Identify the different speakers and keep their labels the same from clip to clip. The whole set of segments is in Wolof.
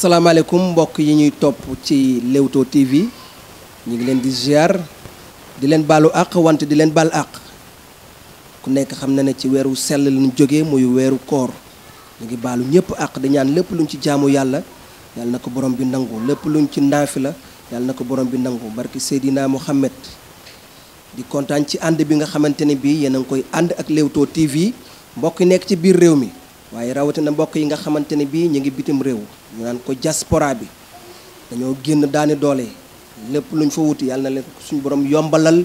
Speaker 1: salaamaaleykum mbokk yi ñuy topp ci Leewtoo TV ñu ngi leen di ziar di leen baalu àq wante di leen baal àq ku nekk xam na ne ci weeru sell lañu jóge muy weeru koor ñu ngi baalu ñëpp àq di ñaan lépp luñ ci jaamu yàlla yàlla na ko borom bi nangu lépp luñ ci naafi la yàlla na ko borom bi nangu barki Seydina Mohamed di kontaan ci ànd bi nga xamante ne bii yéen a ngi koy ànd ak Leewtoo TV mbokk yi nekk ci biir réew mi. waaye rawatina mbokk yi nga xamante ne bii ñu ngi bitim réew ñu naan ko jaspora bi dañoo génn daani doole lépp luñ fa wuti yàlla na leen suñ borom yombalal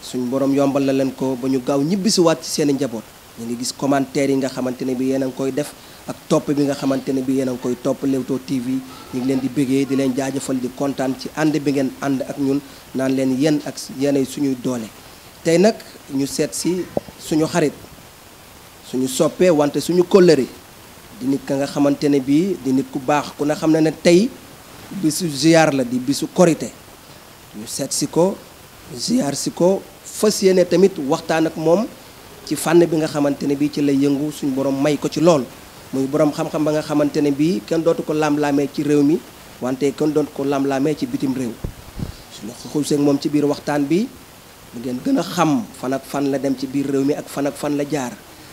Speaker 1: suñ borom yombalal leen ko ba ñu gaaw ñibbisiwaat ci seen i njaboot ñu ngi gis commentaire yi nga xamante ne bi yéen a ngi koy def ak topp bi nga xamante ne bi yéen a ngi koy topp Leewtoo TV ñu ngi leen di bëggee di leen kontaan ci ànd bi ngeen ànd ak ñun naan leen yéen ak yéenay suñuy doole tey nag ñu seet si suñu xarit suñu soppee wante suñu kóllëre di nit ka nga xamante ne bii di nit ku baax ku ne xam ne ne tey bisu ziar la di bisu korite ñu seet si ko ziar si ko fas yéene tamit waxtaan ak moom ci fànn bi nga xamante ne bii ci lay yëngu suñu borom may ko ci lool muy borom xam-xam ba nga xamante ne bii kenn dootu ko lam-laamee ci réew mi wante kenn dootu ko lam-laamee ci bitim réew suñu xuuseeg moom ci biir waxtaan bi mu ngeen gën a xam fan ak fan la dem ci biir réew mi ak fan ak fan la jaar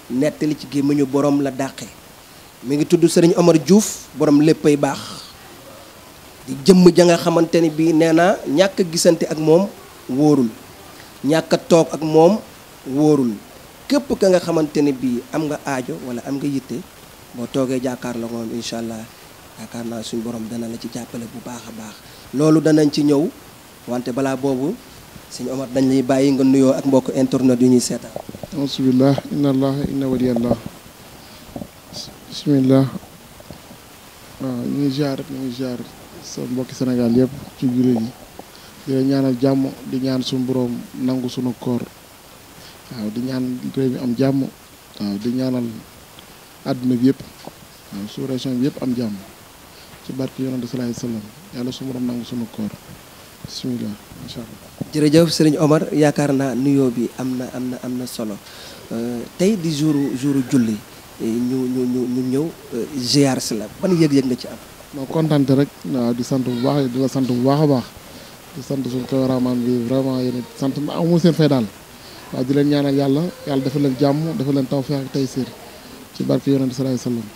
Speaker 1: nettali ci gémmiñu borom la dàqe mu ngi tudd sëriñ amar Diouf borom léppay baax di jëmm ja nga xamante ni bii nee na ñàkk gisante ak moom wóorul ñàkk toog ak moom wóorul képp ka nga xamante ni bii am nga aajo wala am nga yitte boo toogee jàkkaar la moom incha allah yaakaar naa suñu borom dana la ci jàppale bu baax a baax loolu danañ ci ñëw wante balaa boobu. sëñ Omar dañ li bàyyi nga nuyoo ak mbokk internet yu ñuy seetaan
Speaker 2: bismillah inna allah inna waliyallah bismillah waaw ñu ngi ñu ngi ziar sa mbokki Sénégal yëpp ci jullit yi di ñaanal jàmm di ñaan suñu boroom nangu suñu koor waaw di ñaan réew mi am jàmm waaw di ñaanal àdduna bi yëpp waaw sous région bi yëpp am jàmm ci barke yonante sallallahu alayhi wasallam yàlla suñu nangu suñu koor bisimilah incha
Speaker 1: jërëjëf sëriñ Omar yaakaar naa nuyoo bi am na am na am na solo euh, tey di jouru jouru julli e, ñu ñu ñu ñu ñëw e, ziar si la ban yëg-yëg nga ci am.
Speaker 2: moo kontante rek waaw di sant bu baax di la sant bu baax a baax di sant suñu cameraman bi vraiment yéen sant na amul seen fay daal waaw di leen ñaanal yàlla yàlla dafa leen jàmm dafa leen tawfeex ak taysiir ci barke yonent sallallahu alayhi wasallam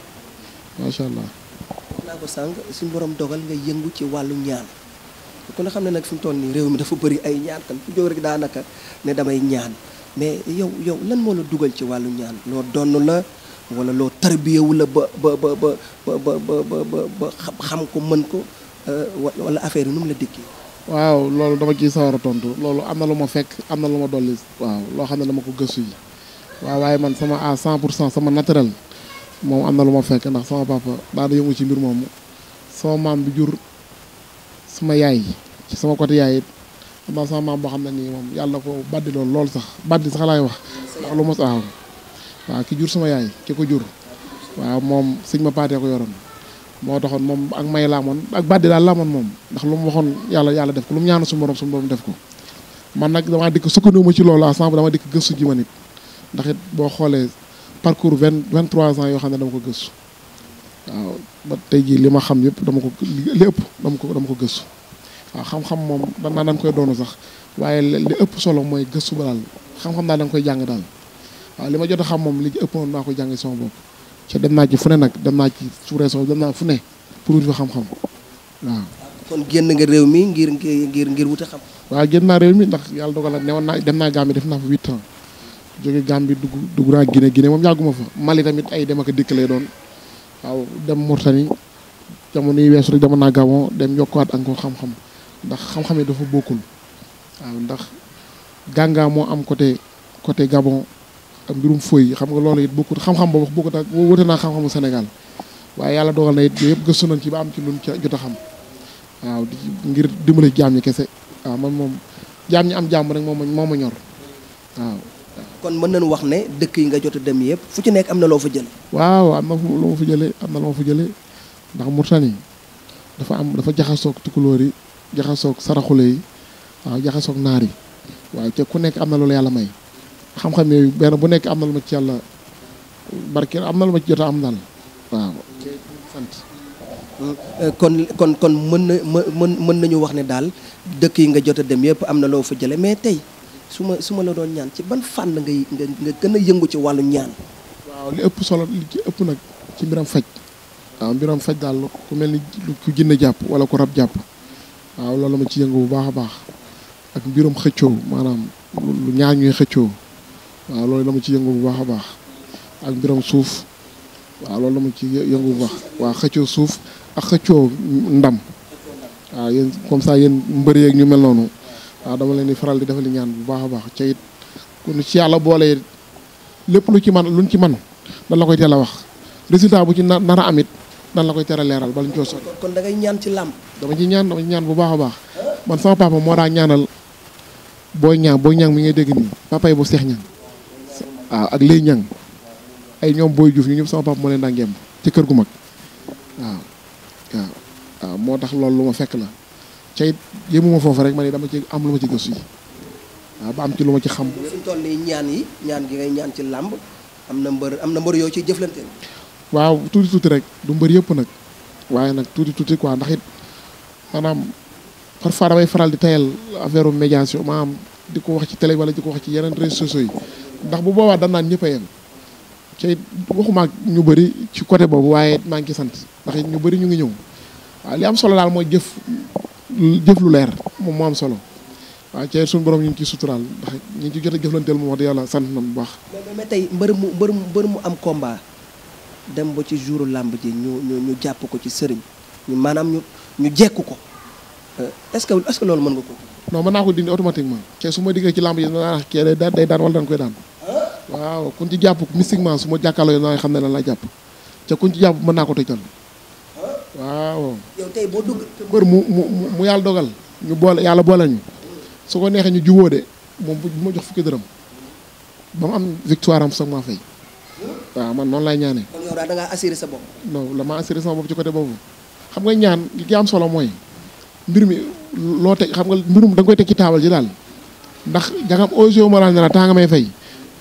Speaker 2: macha allah.
Speaker 1: naa ko sànq suñu borom dogal nga yëngu ci wàllu ñaan. ku ne xam ne nag fu mu toll nii réew mi dafa bëri ay ñaan kan ku jóg rek daanaka ne damay ñaan mais yow yow lan moo la dugal ci wàllu ñaan loo donn la wala loo tarbiyewu la ba ba ba ba ba ba ba
Speaker 2: xam ko mën ko euh, wala affaire yi nu mu la dikki waaw loolu dama ciy sawar a tontu loolu am na lu ma fekk am na lu ma dolli waaw loo xam ne dama ko gëstu yi waaw waaye man sama à 100 pour cent sama naturel moom am na lu ma fekk ndax sama papa daana yëngu ci mbir moom sama maam bi jur suma yaay ci sama côté yaay it sama sama boo xam ne nii moom yàlla ko baddi lool lool sax baddi sax laay wax ndax lu mos aaw waaw ki jur suma yaay ki ko jur waaw moom sëñ ma paatee ko yoroon moo taxoon moom ak may laamoon ak baddi daal laamoon moom ndax lu mu waxoon yàlla yàlla def ko lu mu ñaanu su borom su borom def ko man nag damaa dikk sukkandiku ma ci loolu ensemble bu dama dikk gëstu ji ma nit ndax boo xoolee parcours vingt vingt trois ans yoo xam ne dama ko gëstu waaw ba tey jii li ma xam yëpp dama ko li ëpp dama ko dama ko gëstu waaw xam-xam moom dañ naa koy doonu sax waaye li ëpp solo mooy gëstu ba daal xam-xam daal da nga koy jàng daal waaw li ma jot a xam moom li ci ëpp ko jàngi sama bopp ci naa ci fu nag dem naa ci sous-région dem naa fu ne pour wut fi xam-xam
Speaker 1: waaw kon génn nga réew mi ngir ngir ngir wute xam
Speaker 2: waaw génn naa réew mi ndax yàlla dogal na newoon naa dem naa gaam Gambie def naa fa huit ans jóge Gambie dugg dugg naa Guinée Guinée moom yàgguma fa Mali tamit ay dem ak dikk lay doon waaw dem Mauritanie jamono yi weesu rek dama naa Gabon dem yokkuwaat encore xam-xam ndax xam-xam dafa bokkul waaw ndax gàngaam moo am côté côté Gabon ak mbirum fooy xam nga loolu it bokkut xam-xam ba wax bokkut ak wute naa xam-xamu Sénégal waaye yàlla dogal na it yooyu yëpp gëstu nañ ci ba am ci loolu ca jot a xam waaw ngir dimbali jaam ñi kese waaw man moom jaam ñi am jàmm rek moom moo ma ñor waaw
Speaker 1: kon mën nañu wax ne dëkk yi nga jot a dem yëpp fu ci nekk am na loo fa jële
Speaker 2: waaw am na lu fa jële ndax Mauritanie am dafa jaxasoog tukulóor yi jaxasoog saraxule yi waaw naar yi waaw te ku nekk am na yàlla may xam-xam yooyu bu nekk am na lu ma ci am na jot a am daal
Speaker 1: kon kon kon mën na mën mën nañu wax ne daal dëkk yi nga jot dem yëpp am na loo fa jële mais tey su ma su ma la doon ñaan ci ban fànn ngay nga nga gën a yëngu ci wàllu ñaan.
Speaker 2: waaw li ëpp solo li ci ëpp nag ci mbiram faj. waaw mbiram faj daal ku mel ni ku jinne jàpp wala ku rab jàpp waaw loolu ma ci yëngu bu baax a baax ak mbiram xëccoo maanaam lu ñaar ñuy xëccoo loolu la ci yëngu bu baax a baax ak mbiram suuf waaw loolu la ci yëngu bu baax waaw xëccoo suuf ak xëccoo ndam waaw yéen comme saa yéen mbër yeeg ñu mel noonu. waaw dama leen di faral di defali ñaan bu baax a baax ca it kon ci yàlla boole lépp lu ci man luñ ci man dan la koy teel a wax résultat bu ci nar a amit it dan la koy teel a leeral bala ñu coo sot kon ñaan ci làmb dama ci ñaan ñaan bu baax a baax man sama papa moo daa ñaanal boo ñaan booy ñaan mi ngay dégg nii papa yi bu seex ñaan waaw ah, ak léy ñaan ay ñoom booy juuf ñu ñëpp sama papa moo leen daa ngemb ci kër gu mag waaw waaw moo tax loolu lu ma fekk la ca yéemuma yëmuma foofu rek ma ne dama ci am lu ma ci gëstu yi waaw ba am ci lu ma ci xam. suñ
Speaker 1: toll nii ñaan yi ñaan gi ngay ñaan ci làmb am na mbër na mbër yoo ciy jëflante.
Speaker 2: waaw tuuti tuuti rek du mbër yëpp nag waaye nag tuuti tuuti quoi ndax it maanaam parfois damay faral di tayal affaire médiation maanaam di ko wax ci télé wala di ko wax ci yeneen réseaux sociaux yi ndax bu boobaa dan naan ñëpp a yem ca waxuma ñu bëri ci côté boobu waaye maa ngi ciy sant ndax it ñu bëri ñu ngi ñëw waaw li am solo daal mooy jëf. jëf lu leer moom moo am solo waaw ci suñu borom ñu ngi ciy suturaal ndax ñu ngi ci jot a jëflanteel moom wax dëgg yàlla sant na bu baax.
Speaker 1: mais mais tey mbër mu mbër mu mbër mu am combat dem ba ci jouru làmb ji ñu ñu ñu jàpp ko ci sëriñ ñu
Speaker 2: maanaam ñu ñu jekku ko euh, est-ce que est-ce que loolu mën nga ko. non mën naa ko dindi automatiquement kee su ma diggee ci làmb ji danaa kee day day daan wala dañ koy daan ah? waaw kun ci jàpp mystiquement su ma jàkkaarloo yow da ngay xam ne lan laa jàpp te kun ci jàpp mën naa ko tëjal waaw.
Speaker 1: yow tey mu
Speaker 2: mu mu yàlla dogal. ñu boole yàlla boole ñu. su ko neexee ñu jubóo de moom bu ma jox fukki dërëm. ba mu am victoire am sax maa fay. waaw man noonu laay ñaanee. kon ngaa assuré sa bopp. non la ma assuré sama bopp ci côté boobu. xam ñaan li ci am solo mooy. mbir mi loo xam nga mbirum da koy teg ci taabal ji daal. ndax jangam osé wu ma laal nga may fay.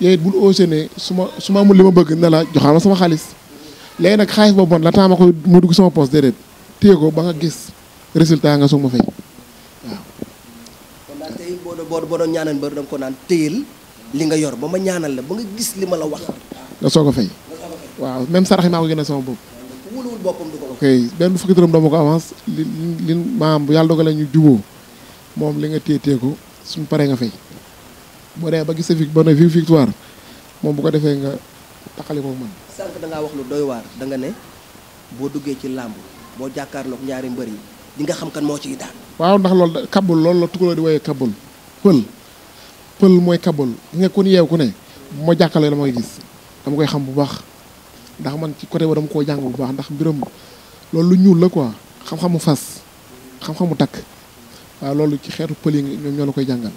Speaker 2: yooyu it bul osé ne su ma ma li ma bëgg ne la joxaama sama xaalis. léegi nag xaalis boobu man la temps ma koy mu dugg sama poste déedéet téye ko ba nga gis résultat nga soog ma fay waaw.
Speaker 1: kon boo doon boo doon ñaanal mbër ko naan téyel li nga yor ba ma ñaanal la ba nga gis li ma la wax.
Speaker 2: nga soog fay. waaw même sarax yi maa ko gën a sama bopp.
Speaker 1: wóoluwul boppam du ko.
Speaker 2: benn fukki dërëm doomu ko avance li li maam bu yàlla dogalee ñu juboo moom li nga téye téye ko suñ paree nga fay boo demee ba gis sa fi ba ne victoire moom bu ko defee nga. taxale moom man
Speaker 1: sànq da wax lu doy waar danga ne boo duggee ci làmb boo jàkkaarloog ñaari mbër yi di nga xam kan moo ciy daan
Speaker 2: waaw ndax loolu kabul loolu la tugaloo di woyee kabul pël pël mooy kabul gi nga kon yeew ku ne bu ma jàkkaarloo dama koy gis dama koy xam bu baax ndax man ci côté ba dama koo jàng bu baax ndax mbiram loolu lu ñuul la quoi xam-xamu fas xam-xamu takk waaw loolu ci xeetu pël yi ñoom ñoo la koy jàngal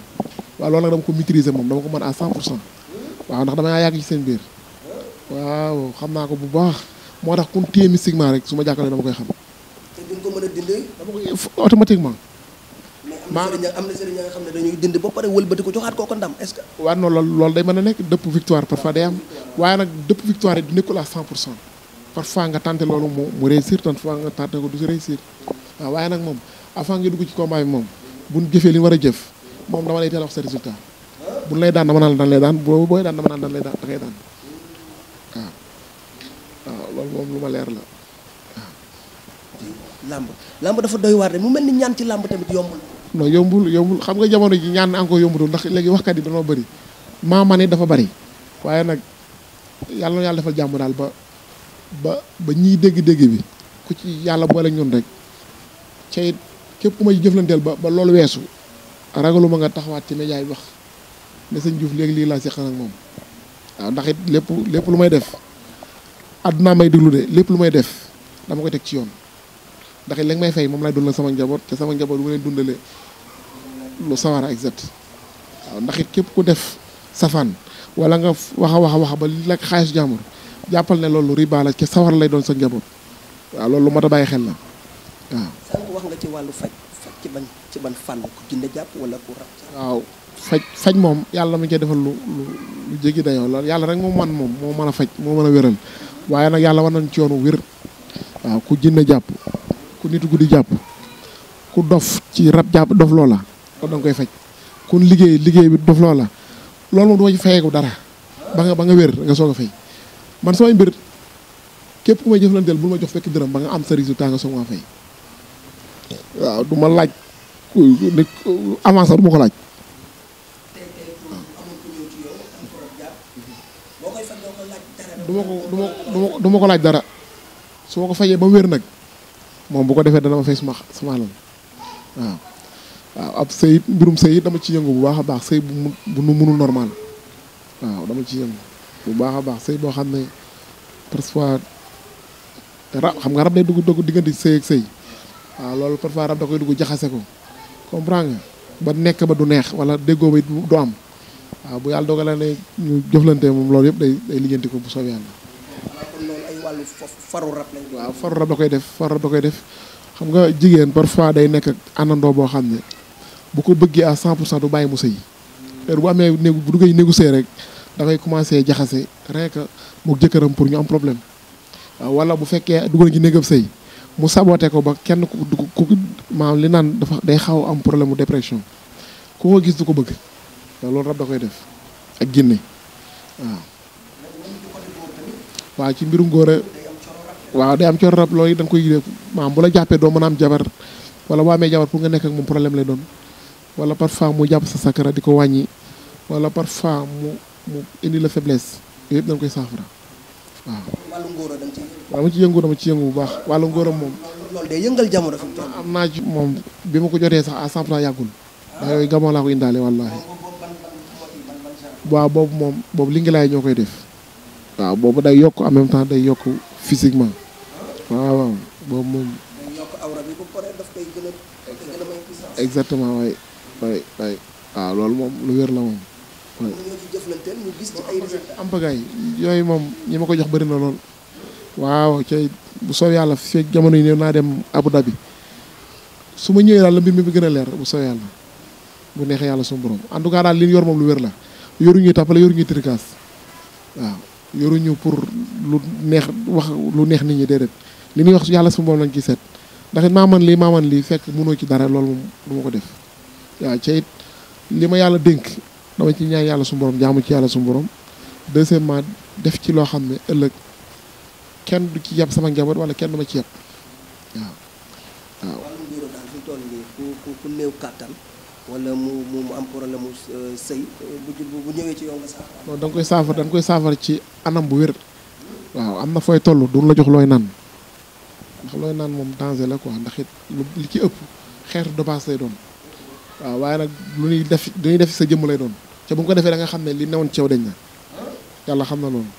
Speaker 2: waaw loolu nag dama ko maîtriser moom dama ko mën à 100 pour cent waaw ndax dama yàgg ci seen biir waaw xam naa ko bu baax moo tax ku téye mystiquement rek su ma jàkkaarloo dama koy xam. te
Speaker 1: duñ ko mën a dindi. dama koy automatiquement.
Speaker 2: maa mais am na sëriñ wëlbati ko joxaat kooku ndam est-ce que. waaw non dëpp victoire parfois day am waaye nag dëpp victoire yi du nekkul à 100 pour cent parfois nga tenté loolu mu mu réussir parfois nga tenté ko du si réussir waaw waaye nag moom avant nga dugg ci combat bi moom bu ñu jëfee li ñu war a jëf moom dama lay teel a wax sa résultat waaw loolu moom lu ma leer la waaw. làmb làmb dafa doy waar de mu mel ni ñaan ci làmb tamit yombul. non yombul yombul xam nga jamono ji ñaan encore yombutul ndax léegi waxkat yi dañoo bëri maa dafa bëri waaye nag yàlla yàlla defal jàmm daal ba ba ba ñiy dégg-dégg bi ku ci yàlla boole ñun rek ca it képp ku may jëflanteel ba ba loolu weesu ragaluma nga taxawaat ci média yi wax ne sëñ Diouf léegi lii laa seqal ak moom waaw ndax lépp lépp lu may def. àdduna may déglu de lépp lu may def dama koy teg ci yoon ndax li nga may fay moom laay dundal sama njaboot te sama njaboot bu ma leen dundale lu sawara exact waaw ndax it képp ku def safaan wala nga wax a wax wax ba li la xaalis jàmbur jàppal ne loolu riba la ca sawar lay doon sa njaboot waaw loolu lu mat a bàyyi xel la waaw.
Speaker 1: wax nga ci wàllu faj faj ci ban ci ban jàpp wala ku
Speaker 2: rab. moom yàlla mi ngi defal lu lu lu jéggi dayoo loolu yàlla rek moo man moom moo mën a faj moo mën a wéral waaye nag yàlla war nañ ci yoonu wér waaw ku jinne jàpp ku nitu guddi jàpp ku dof ci rab jàpp dof loola kon danga koy faj kun liggéey liggéey bi dof loola loolu moom ci fayeeku dara ba nga ba nga wér nga soog a fay man sooy mbir képp ku may jëflanteel bul ma jox fekk dërëm ba nga am sa résultat nga soog maa fay waaw du ma laaj avance du ma ko laaj du ma ko du ma ko du ko laaj dara su ma ko fajee ba wér nag moom bu ko defee dana ma fay sama sama alal waaw. waaw ab sëyit mbirum dama ci yëngu bu baax a baax sëy bu mu dama ci yëngu bu baax a baax sëy boo xam ne parfois rab xam nga rab day dugg dugg diggante sëy ak sëy waaw loolu parfois rab da koy dugg jaxase ko comprends nga ba nekk ba du neex wala déggoo ba du am. waaw bu yàlla dogalee ne ñu jëflante moom loolu yëpp day day lijjanti ko bu soobee yàlla. faru rab lañ waaw faru rab da koy def faru rab da koy def xam nga jigéen parfois day nekk ak àndandoo boo xam ne bu ko bëggee à 100 pour cent du bàyyi mu sëy heure bu amee néegu bu duggee négocier rek dafay commencé jaxase rien que jëkkëram pour ñu am problème waaw wala bu fekkee dugal ci néegam sëy mu saboté ko ba kenn ku ku maanaam li naan dafa day xaw am problème mu dépression ku ko gis du ko bëgg. ndax loolu rab da koy def ak jinne waaw. waaw ci mbirum góor waaw day am coro rab loolu da nga koy yëg maanaam bu la jàppee doo mën a am jabar wala boo amee jabar pour nga nekk ak moom problème lay doon wala parfois mu jàpp sa sakara di wàññi wala parfois mu mu indi la faiblesse yooyu koy saafara
Speaker 1: waaw. wàllu ngóor
Speaker 2: dama ci ci yëngu dama ci yëngu bu baax wàllu ngóoram moom. loolu day naa moom bi ma ko jotee sax à 100 yàggul. waaw ndax gamoo laa ko indaale wallaahi. waaw boobu moom boobu li ngi laay ñoo koy def waaw boobu day yokk en même temps day yokk physiquement waaw waaw boobu moom. loolu moom lu wér la moom. waay ñu yooyu moom ñi ma ko jox bëri na lool. waaw cay bu soob yàlla fekk jamono yi néew naa dem Abu Dhabi su ma ñëwee daal la mbir mi bi gën a leer bu soob yàlla bu neexee yàlla suñu borom daal li yor moom lu wér la. yoruñu tappale yoruñu tricas waaw yoruñu pour lu neex wax lu neex nit ñi déedéet li muy wax yàlla su moom lañ ci seet ndaxit it man lii maa man lii fekk mënoo ci dara loolu moom du ma ko def waaw ca it li ma yàlla dénk dama ci ñaan yàlla su borom jaamu ci yàlla su borom deuxièmement def ci loo xam ne ëllëg kenn du ci yab sama njaboot wala kenn du ma ci yab
Speaker 1: waaw wala mu mu am problème mu
Speaker 2: euh, sëy euh, bu ci yow nga koy saafara da koy saafara ci anam bu wér. waaw am na fooy toll duñ la jox looy naan ndax looy naan moom danger la quoi ndax it li ci ëpp xeetu dépense lay doon waaw waaye nag lu ñuy def lu def sa jëmm lay doon te bu nga ko defee da nga xam ne li newoon ceew yow dañ na yàlla xam na loolu.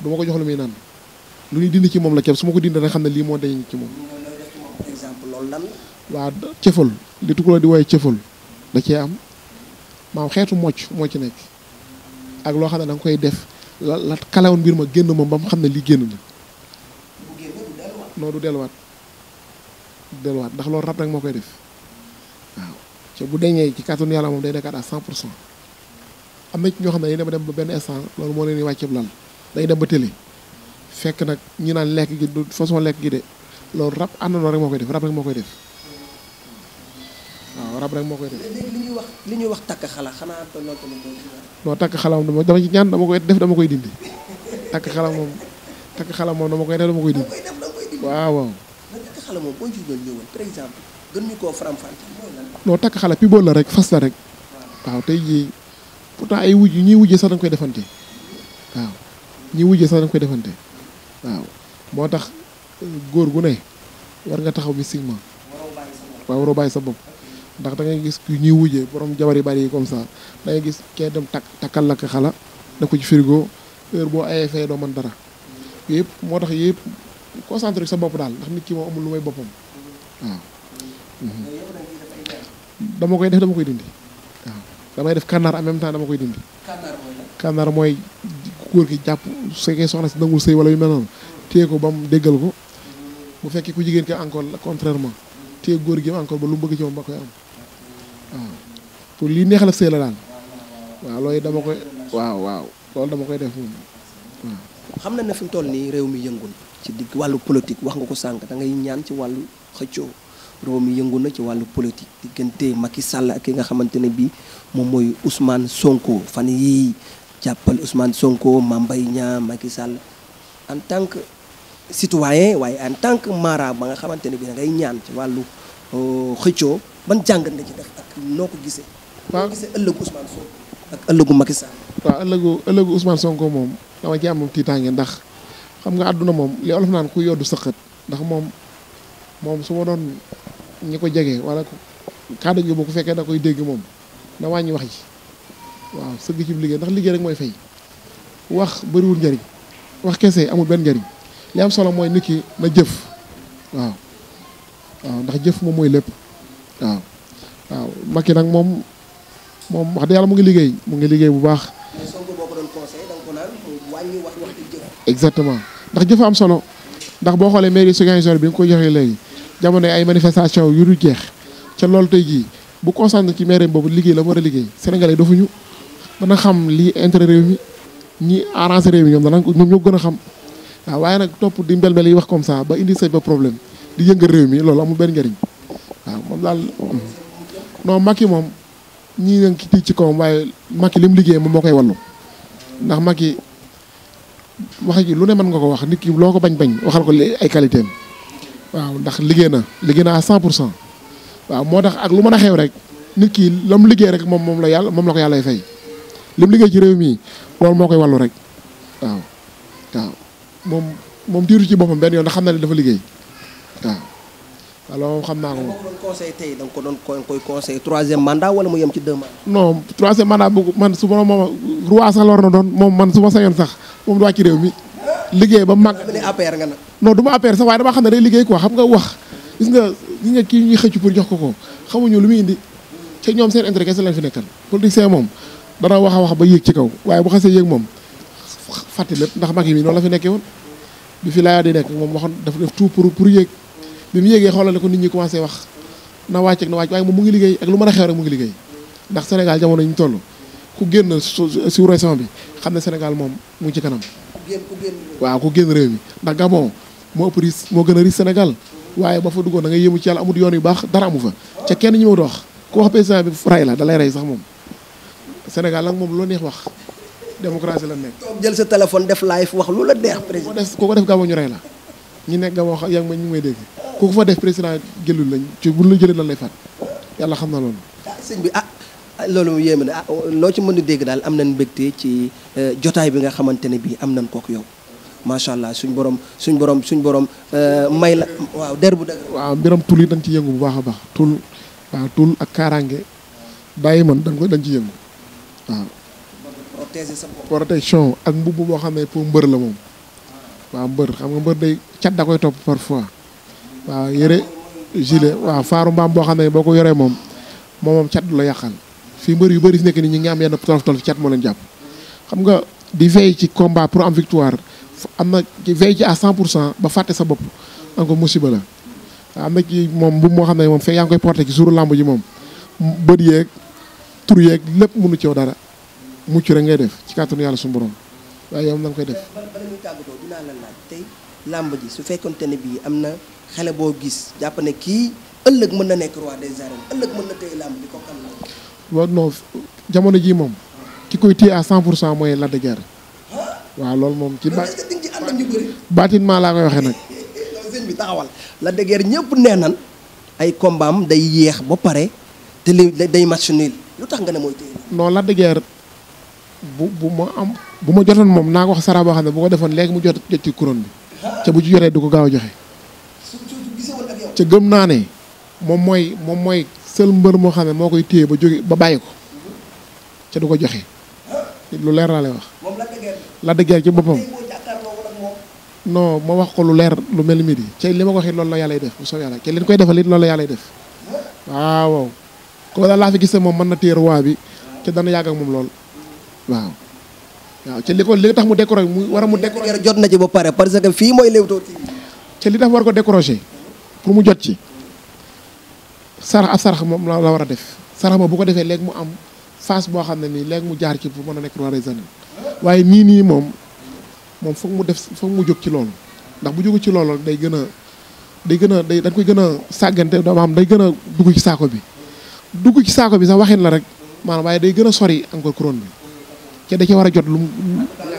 Speaker 2: du ko jox lu muy naan lu ñuy dindi ci moom la képp su ma ko dindi da xam ne lii moo dañ ci moom.
Speaker 1: exemple loolu lan.
Speaker 2: waaw cëfal li tukuloo di woy cëfal da cee am maam xeetu mocc moo ci nekk ak loo xam ne da koy def la la kalawoon mbir ma génn moom ba mu xam ne lii génn na noo du delluwaat delluwaat ndax loolu rab rek moo koy def waaw te bu deñee ci kàttanu yàlla moom day nekkaat à cent pour cent am na ñoo xam ne dañuy dem ba benn instant loolu moo leen di wàcceeb lal dañuy dem ba télé fekk nag ñu naan lekk gi du façon lekk gi de loolu rab àndandoo rek moo koy def rab rek moo koy def rab rek moo koy def.
Speaker 1: li ñuy wax li ñuy wax takk xala xanaa loolu
Speaker 2: takk xala moom dama ci ñaan dama koy def dama koy dindi takk xala moom takk xala moom dama koy def dama koy dindi. waaw waaw.
Speaker 1: moom boo ci doon ñëwoon par exemple koo faram-fàccee mooy lan.
Speaker 2: non takk xala rek fas la rek. tey jii pourtant ay wujj ñuy wujjee sax dañ koy defante waaw ñuy sax dañ koy defante moo tax eh, góor gu ne war nga taxaw bi sigma waaw waroo bàyyi sa bopp ndax da ngay gis ku ñuy wujjee borom jabar yu bari yi comme ça da gis kenn dem takk takkal la ko xala da ko ci frigo heure boo ayee fee doo mën dara yëpp moo tax yëpp concentré sa bopp daal ndax nit ki moo amul lu may boppam waaw. Mhm. dama koy def dama koy dindi damay def kànnaar en même temps dama koy dindi. kànnaar mooy góor gi jàpp su fekkee soxna si nangul sëy wala yu meloon noonu ko ba mu déggal ko bu fekkee ku jigéen ki encore contrairement téye góor gi encore ba lu mu bëgg ci am. waaw pour lii neexal ak sëy la daal waaw loolu dama koy waaw waaw loolu dama koy def moom
Speaker 1: xam na ne fi mu toll nii réew mi yëngul ci digg wàllu politique wax nga ko sànq dangay ñaan ci wàllu xëccoo réew mi yëngu na ci wàllu politique diggante Macky Sall ak ki nga xamante ne bii moom mooy Ousmane Sonko fan yii jàppal Ousmane Sonko Mame Mbaye Niang Macky Sall en tant que citoyen waaye en tant que mara ba nga xamante ne bii da ñaan ci wàllu euh, xëccoo. ban jàngat nga ci def ak noo ko gisee. waaw ëllëgu Ousmane Sonko
Speaker 2: ak ëllëgu Macky moom dama ci am tiitaange ndax xam nga àdduna moom li olof naan ku yoddu sëqët ndax moom moom su ma doon ñi ko jege wala kàddu gi bu ku fekkee da koy dégg moom na wàññi wax ji waaw sëgg ci liggéey ndax liggéey rek mooy fay wax bëriwul njëriñ wax kese amul benn njëriñ li am solo mooy nit ki na jëf waaw ndax jëf moom mooy lépp. waaw waaw nag moom moom wax dëgg yàlla mu ngi liggéey mu ngi liggéey bu baax.
Speaker 1: mais Sonko boo ko
Speaker 2: exactement ndax jëf am solo ndax boo xoolee mairie Ziguinchor bi nga koy joxee léegi jamono ay manifestation yu du jeex ca loolu tey jii bu concentré ci mairie boobu liggéey la mu war a liggéey sénégalais dafu ñu mën xam lii intérêt réew mi ñi arrangé réew mi ñoom danañ ko ñoom ñoo gën a xam waaw waaye nag topp di mbelmbel yi wax comme ça ba indi sañ ba problème di yëngal réew mi loolu amul benn njëriñ waaw ah, moom daal non Macky moom ñii ngi ci tiit ci kawam waaye liggéey moom moo koy wallu ndax Macky wax ji lu ne mën nga ko wax nit loo ko bañ bañ waxal ko ay qualité waaw ndax liggéey na liggéey na pour cent waaw moo tax ak lu mën a xew rek nit kii la mu liggéey rek moom moom la yàlla moom la ko yàllay fay li mu liggéey ci réew mi loolu moo koy wallu rek waaw moom moom tiiru ci boppam benn yoon ndax xam na ne dafa liggéey waaw.
Speaker 1: waaw moom xam naa ko moom. ko doon conseil tey da nga ko doon koy conseil man
Speaker 2: su ma moom man su ma sañoon sax moom du wàcc réew mi liggéey ba mag. ne APR nga sax waaye dama xam ne day liggéey ko xam nga wax gis nga gis nga kii ñuy xëcc pour jox ko ko xamuñu lu muy indi ca ñoom seen intérêt kese lañ fi nekkal politicien moom dana wax a wax ba yéeg ci kaw waaye bu xasee yéeg moom fàtte lépp ndax mag yi noonu la fi nekkee woon bi fi laayaa di nekk moom waxoon daf def tout pour pour bi mu yéegee xoolal ko nit ñi commencé wax na wàcc ak na wàcc waaye moom mu ngi liggéey ak lu mën a xew rek mu ngi liggéey ndax Sénégal jamono ñu toll ku génn sous-région bi xam ne Sénégal moom mu ngi ci waaw ku génn réew mi ndax Gabon moo ëpp moo gën a riis Sénégal waaye ba fa duggoon da nga yéemu ci yàlla yoon yu baax dara amu fa kenn ñi ma dox wax président bi ray la da lay rey sax moom Sénégal nag moom loo neex wax démocratie la nekk. toog jël sa téléphone def live wax lu la neex président. ku ko def Gabon ñu rey la. ñu nekk nga wax yaa ma ñu ngi may dégg ku ko fa def président jëlul lañ ci bu la jëlee lan lay faat yàlla xam na loolu. Ah, sëñ bi ah, ah loolu mu
Speaker 1: yéeme na ah loo ci mën a dégg daal am nañ mbégte ci euh, jotaay bi nga xamante ne bii am nañ kook yow macha allah suñ borom suñ borom suñ borom euh, may la waaw der bu dëgg. waaw mbiram
Speaker 2: tul yi dañ ci yëngu bu baax a baax tul waaw tul ak kaaraange bàyyi man dañ ko dañ ci yëngu waaw. protection ak mbubb boo xam ne pour mbër la moom. waaw mbër xam nga mbër day cat da koy topp parfois waaw yëre gilet waa faaru mbaam boo xam ne boo ko yoree moom moom cat du la yàqal fii mbër yu bëri fi nekk ni ñi ngi am yenn tolof tolof cat moo leen jàpp xam nga di veille ci combat pour am am na veille ci à 100 pour cent ba fàtte sa bopp encore musiba la am na ci moom bu moo xam ne moom fekk yaa ngi koy porté ci suuru làmb ji moom bët yeeg tur yeeg lépp mënu ci yow dara mucc rek ngay def ci kàttanu yàlla su borom waaye yow na nga koy def.
Speaker 1: bala la laaj làmb ji su fekkonte ne bii am na xale boo gis jàpp ne kii ëllëg mën na nekk roi des arènes ëllëg mën na téye làmb bi ko kan la.
Speaker 2: waaw non jamono jii moom. ki koy à 100 pour cent mooy Lac de waaw loolu moom ci ba. waxee nag.
Speaker 1: sëñ bi taxawal Lac de Guiers ay kombaam day yéex ba pare te li day match lu
Speaker 2: tax nga ne mooy téye. non Lac de Guiers bu bu ma am. bu ma jotoon moom naa ko wax sara boo xam ne bu ko defoon léegi mu jot jot ci couronne bi ca bu ci jotee du ko gaaw a joxe ca gëm naa ne moom mooy moom mooy sël mbër moo xam ne moo koy téye ba jóge ba bàyyi ko ca du ko joxe lu leer laa lay wax la dëggeer ci boppam non ma wax ko lu leer lu mel midi ca li ma ko waxee loolu la yàllay def bu soobee yàlla ca leen koy defal it loolu la yàllay def waaw ko daal laa fi gis moom mën na téye roi bi ca dana yàgg ak moom lool waaw waaw ci li ko li tax mu décroché mu war a mu décroché jot na ci ba pare parce que fii mooy Leewtoo TV ci li tax war ko décroché pour mu jot ci sarax ab sarax moom la war a def sarax ma bu ko defee léegi mu am phase boo xam ne nii léegi mu jaar ci pour mën a nekk roi des arènes waaye nii nii moom moom foog mu def foog mu jóg ci loolu ndax bu jógu ci loolu day gën a day gën a day dañ koy gën a sàggante dama am day gën a dugg ci saako bi dugg ci saako bi sax waxin la rek maanaam waaye day gën a sori encore couronne bi ce da ce war a jot lu mu.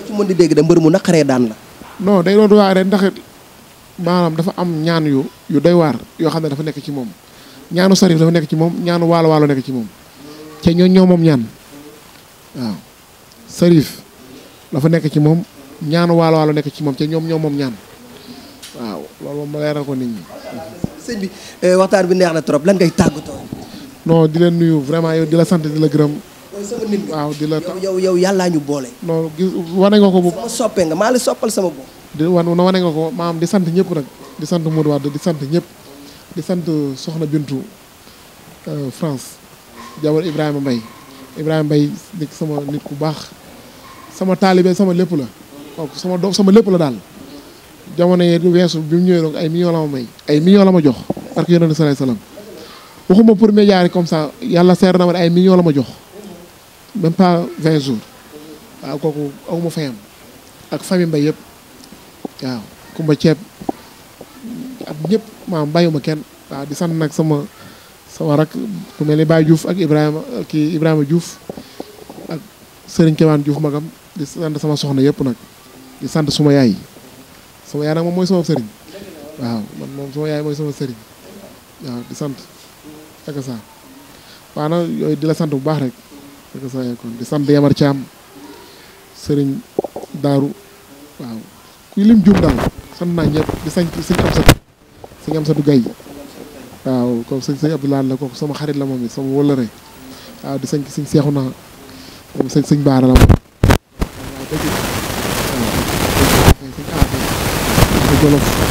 Speaker 2: su mën di dégg da mbër mu naqaree daan la. non day doon waare ndax maanaam dafa am ñaan yu yu doy waar yoo xam ne dafa nekk ci moom ñaanu sarif dafa nekk ci moom ñaanu waalo waalo nekk ci moom ce ñoo ñoo moom ñaan waaw sarif nekk ci moom ñaanu waalo waalo nekk ci moom ca ñoom ñoo moom ñaan waaw loolu moom ma leeral ko nit ñi. sëñ bi eh, waxtaan bi neex na trop lan ngay tàggatoo. non di leen nuyu vraiment yooyu di la sant di la gërëm. sama waaw di la tax yow yow yàllaa ñu boole. non gis wane nga ko bu. sama soppee nga maa la soppal sama bopp. di wan wane nga ko maam di sant ñëpp rek di sant Modou Wade di sant ñëpp di sant uh, Soxna Bintu uh, France jabar Ibrahima Mbaye Ibrahima Mbaye nekk sama nit ku baax sama taalibe sama lépp la kooku sama doom sama lépp la daal jamono yee weesu bi mu ñëwee donc ay millions la may ay millions la ma jox parce que yonent sallallahu alayhi wasallam waxuma pour média comme ça yàlla seer na ma ay millions la ma jox même pas vingt jours waaw kooku awma fayam ak famille mbay yëpp waaw kumba ceeb ak ñëpp maam bàyyuma kenn di sant nag sama sama rak mel ni Baye Diouf ak Ibrahima kii Ibrahima Diouf ak sëriñ Kewaan Diouf magam di sant sama soxna yëpp nag di sant suma yaay sama yaay nag moom mooy sama sëriñ waaw man moom sama yaay mooy sama sëriñ waaw di sant ak sa waaw yooyu di la sant bu baax rek naka saa yekkoon di sant Yamar Thiam sëriñ daaru waaw kuy lim jum daal sant naa ñëpp di sëñ Amsatu sëñ Amsatu Gay waaw comme sëñ sëñ Abdoulaye la kooku sama xarit la moom it sama wóllare waaw di sant sëñ seexu naa moom sëñ sëñ la moom waaw dëgg waaw sëñ Aafee jolof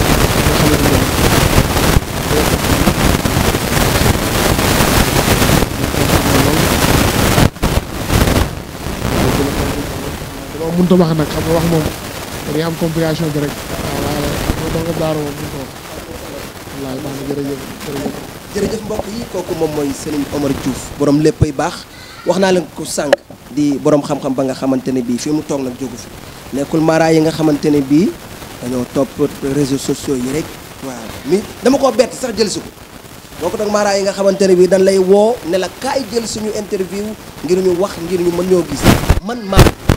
Speaker 2: mënut a wax nag xam nga wax moom dañuy am compréhension bi rek waaw waaye moom dong nga daara moom mënut a wax wallaahi baax na jërëjëf jërëjëf.
Speaker 1: jërëjëf mbokk yi kooku moom mooy Serigne Omar Diouf borom léppay baax wax naa leen ko sànq di borom xam-xam ba nga xamante ne bii fii mu toog nag jógu fi nekkul mara yi nga xamante ne bii dañoo topp réseaux sociaux yi rek waaw mi dama koo bett sax jël si ko bokk nag mara yi nga xamante ne bii dañ lay woo ne la kaay jël suñu interview ngir ñu wax ngir ñu mën ñoo gis man maa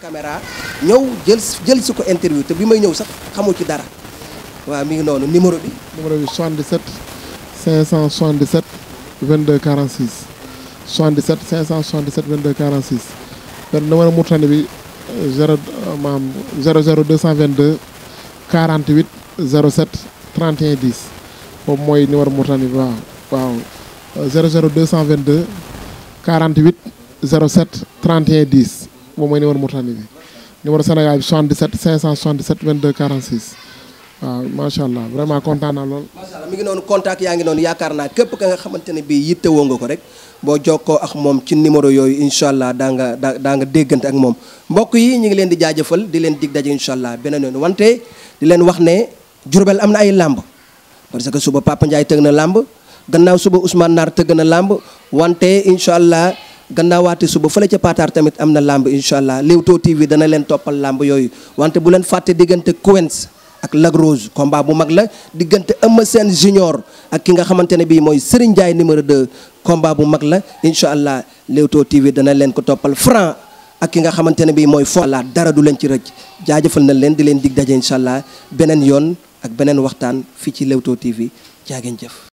Speaker 1: caméra ñëw jël jël si ko interview te bi may ñëw sax xamu ci dara waaw mi ngi noonu numéro bi. numéro bi 77
Speaker 2: 577 22 46 77 577 22 46 benn numéro Mourtani bi 0 euh, maam 00 222 48 07 31 10 boobu mooy numéro Mourtani bi waaw waaw 00 222 48 07 31 10. moom mooy numéro Mourtani bi numéro Sénégal bi 77 577 22 46 waaw macha allah vraiment kontaan
Speaker 1: ngi noonu contact yaa ngi noonu yaakaar naa képp ka nga xamante ne bii yittewoo nga ko rek boo jokkoo ak moom ci yooyu incha allah daa nga daa daa ak moom mbokk yi ñu ngi leen di jaajëfal di leen dig daje incha allah beneen yoon wante di leen wax ne Jurbel am na ay làmb parce que suba Papa Ndiaye tëgg na làmb gannaaw suba Ousmane Naar tëgg na làmb wante incha allah. gannaawaati suba fële ca Pataar tamit am na làmb incha allah Leewtoo TV dana leen toppal làmb yooyu wante bu leen fàtte diggante Queens ak Lac Rose combat bu mag la diggante Eumeu seen Junior ak ki nga xamante ne bii mooy Serigne Ndiaye numéro de combat bu mag la incha allah Leewtoo TV dana leen ko toppal franc ak ki nga xamante ne bii mooy fo la dara du leen ci rëcc jaajëfal na leen di leen dig daje incha allah beneen yoon ak beneen waxtaan fii ci Leewtoo TV jaa ngeen